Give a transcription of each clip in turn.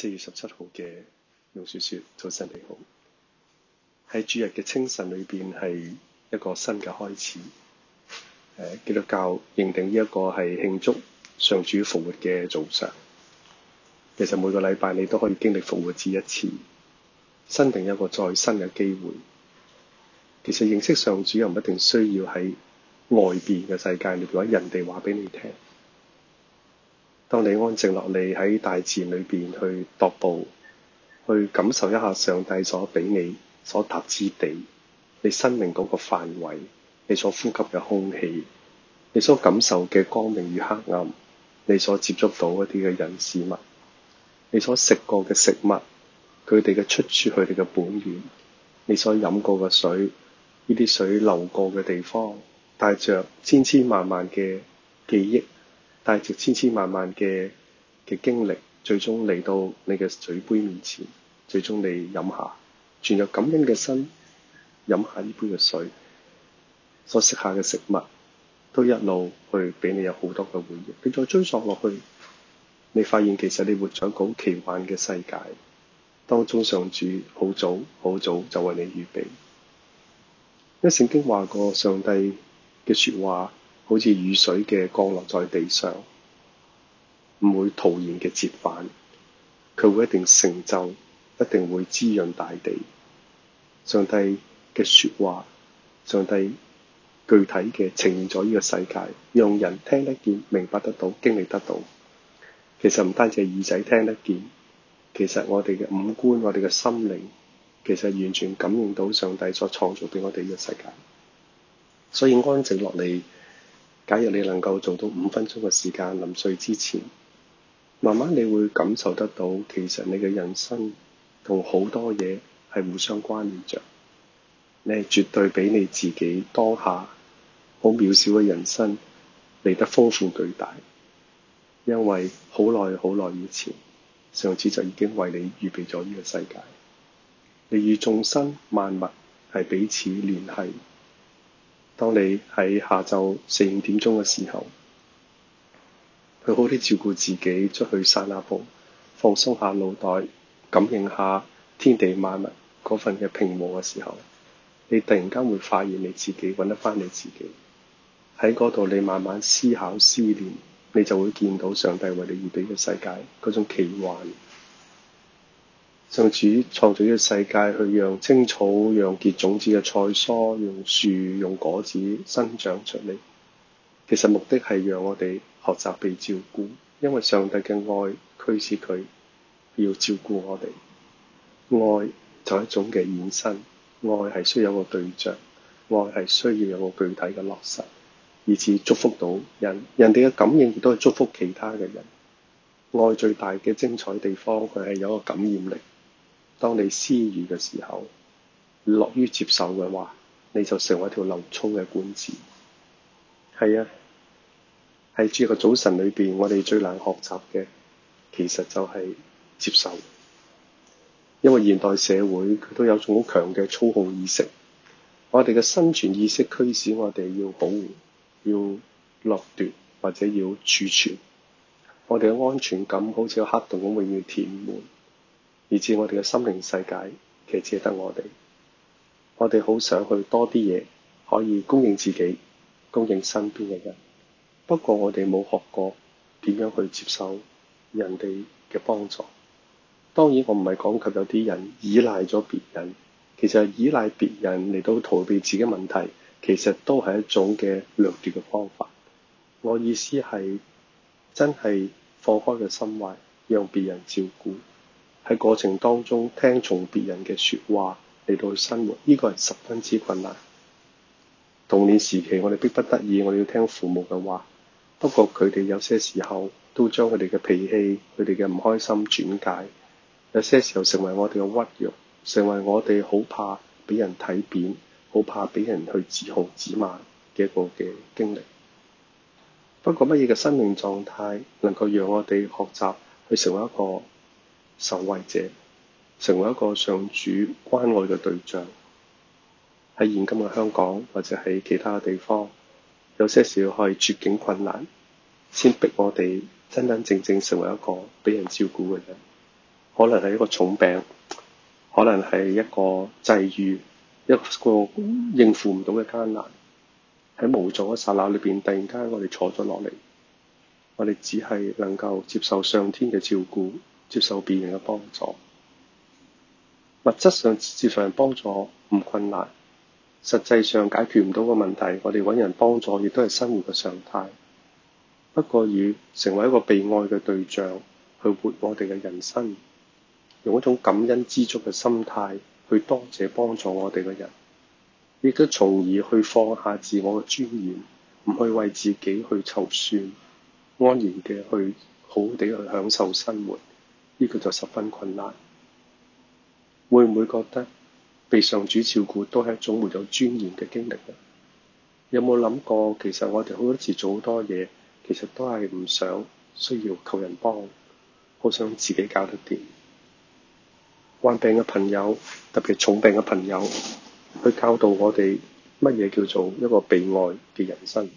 四月十七號嘅用雪雪，早晨你好。喺主日嘅清晨裏邊，係一個新嘅開始。誒，基督教認定呢一個係慶祝上主復活嘅早上。其實每個禮拜你都可以經歷復活至一次，新定一個再新嘅機會。其實認識上主又唔一定需要喺外邊嘅世界裡邊，例如人哋話俾你聽。當你安靜落嚟喺大自然裏邊去踱步，去感受一下上帝所俾你所踏之地，你生命嗰個範圍，你所呼吸嘅空氣，你所感受嘅光明與黑暗，你所接觸到嗰啲嘅人事物，你所食過嘅食物，佢哋嘅出處，佢哋嘅本源，你所飲過嘅水，呢啲水流過嘅地方，帶着千千萬萬嘅記憶。帶住千千萬萬嘅嘅經歷，最終嚟到你嘅水杯面前，最終你飲下，存有感恩嘅心，飲下呢杯嘅水，所食下嘅食物，都一路去俾你有好多嘅回憶。你再追溯落去，你發現其實你活咗一個好奇幻嘅世界，當中上主好早好早就為你預備。因為聖經話過，上帝嘅說話。好似雨水嘅降落在地上，唔會徒然嘅折返，佢會一定成就，一定會滋潤大地。上帝嘅說話，上帝具體嘅呈現咗呢個世界，讓人聽得見、明白得到、經歷得到。其實唔單止係耳仔聽得見，其實我哋嘅五官、我哋嘅心靈，其實完全感應到上帝所創造俾我哋呢個世界。所以安靜落嚟。假如你能夠做到五分鐘嘅時間，臨睡之前，慢慢你會感受得到，其實你嘅人生同好多嘢係互相關聯着，你係絕對比你自己當下好渺小嘅人生嚟得豐富巨大，因為好耐好耐以前，上次就已經為你預備咗呢個世界，你與眾生萬物係彼此聯繫。當你喺下晝四五點鐘嘅時候，去好啲照顧自己，出去散下步，放鬆下腦袋，感應下天地萬物嗰份嘅平和嘅時候，你突然間會發現你自己搵得返你自己。喺嗰度你慢慢思考思念，你就會見到上帝為你預備嘅世界嗰種奇幻。甚至創造呢個世界，去讓青草、讓結種子嘅菜蔬、用樹、用果子生長出嚟。其實目的係讓我哋學習被照顧，因為上帝嘅愛驅使佢要照顧我哋。愛就係一種嘅衍生，愛係需要有個對象，愛係需要有個具體嘅落實，以至祝福到人。人哋嘅感應亦都係祝福其他嘅人。愛最大嘅精彩地方，佢係有個感染力。當你施予嘅時候，樂於接受嘅話，你就成為一條流沖嘅管子。係啊，喺朝個早晨裏邊，我哋最難學習嘅，其實就係接受。因為現代社會佢都有種好強嘅操控意識，我哋嘅生存意識驅使我哋要保護，要掠奪，或者要儲存，我哋嘅安全感好似個黑洞咁，永遠填滿。以至我我，我哋嘅心靈世界其只得我哋。我哋好想去多啲嘢，可以供應自己，供應身邊嘅人。不過我哋冇學過點樣去接受人哋嘅幫助。當然，我唔係講及有啲人依賴咗別人，其實依賴別人嚟到逃避自己問題，其實都係一種嘅掠奪嘅方法。我意思係真係放開個心懷，讓別人照顧。喺過程當中聽從別人嘅說話嚟到生活，呢個係十分之困難。童年時期我哋逼不得已，我哋要聽父母嘅話。不過佢哋有些時候都將佢哋嘅脾氣、佢哋嘅唔開心轉解，有些時候成為我哋嘅屈辱，成為我哋好怕俾人睇扁，好怕俾人去自號指罵嘅一個嘅經歷。不過乜嘢嘅生命狀態能夠讓我哋學習去成為一個？受惠者成為一個上主關愛嘅對象，喺現今嘅香港或者喺其他嘅地方，有些時候可以絕境困難，先逼我哋真真正正成為一個俾人照顧嘅人。可能係一個重病，可能係一個際遇，一個應付唔到嘅艱難。喺無助嘅剎那裏邊，突然間我哋坐咗落嚟，我哋只係能夠接受上天嘅照顧。接受別人嘅幫助，物質上接受人幫助唔困難，實際上解決唔到嘅問題，我哋揾人幫助亦都係生活嘅常態。不過，要成為一個被愛嘅對象去活我哋嘅人生，用一種感恩知足嘅心態去多謝幫助我哋嘅人，亦都從而去放下自我嘅尊嚴，唔去為自己去籌算，安然嘅去好好地去享受生活。呢個就十分困難，會唔會覺得被上主照顧都係一種沒有尊嚴嘅經歷呢？有冇諗過，其實我哋好多時做好多嘢，其實都係唔想需要求人幫，好想自己搞得掂。患病嘅朋友，特別重病嘅朋友，去教導我哋乜嘢叫做一個被愛嘅人生，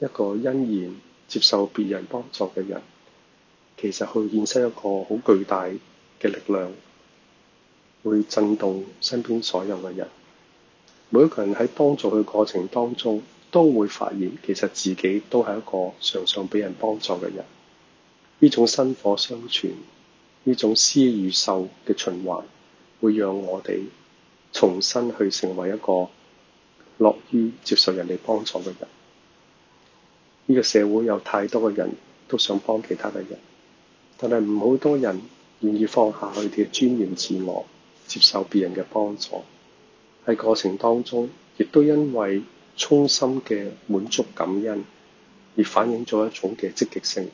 一個欣然接受別人幫助嘅人。其實去現身一個好巨大嘅力量，會震動身邊所有嘅人。每一個人喺幫助佢嘅過程當中，都會發現其實自己都係一個常常俾人幫助嘅人。呢種薪火相傳，呢種施與受嘅循環，會讓我哋重新去成為一個樂於接受人哋幫助嘅人。呢個社會有太多嘅人都想幫其他嘅人。但係唔好多人願意放下佢哋嘅尊嚴自我，接受別人嘅幫助。喺過程當中，亦都因為衷心嘅滿足感恩，而反映咗一種嘅積極性。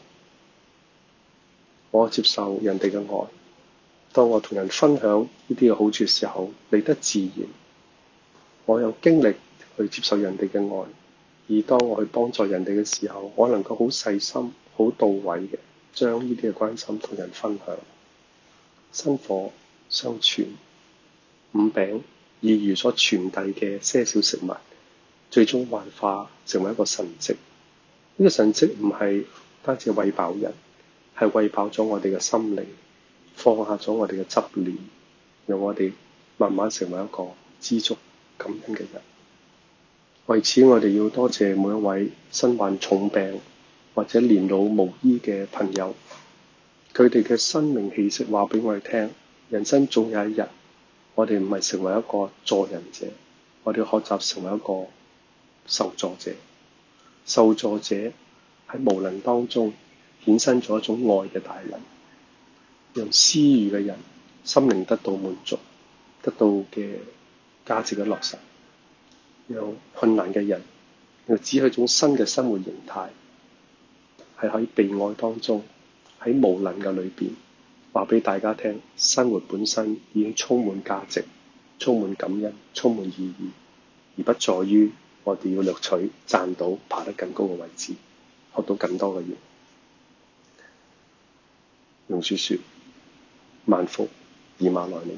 我接受人哋嘅愛，當我同人分享呢啲嘅好處時候，嚟得自然。我有經歷去接受人哋嘅愛，而當我去幫助人哋嘅時候，我能夠好細心、好到位嘅。將呢啲嘅關心同人分享，薪火相傳，五餅二魚所傳遞嘅些少食物，最終幻化成為一個神跡。呢、這個神跡唔係單止餵飽人，係餵飽咗我哋嘅心靈，放下咗我哋嘅執念，讓我哋慢慢成為一個知足感恩嘅人。為此，我哋要多謝每一位身患重病，或者年老無依嘅朋友，佢哋嘅生命氣息話俾我哋聽，人生總有一日，我哋唔係成為一個助人者，我哋要學習成為一個受助者。受助者喺無能當中顯生咗一種愛嘅大能，有私欲嘅人心靈得到滿足，得到嘅價值嘅落實，有困難嘅人又只係一種新嘅生活形態。係喺被愛當中，喺無能嘅裏邊，話俾大家聽，生活本身已經充滿價值，充滿感恩，充滿意義，而不在於我哋要掠取、賺到、爬得更高嘅位置，學到更多嘅嘢。榕樹樹，萬福二萬來年。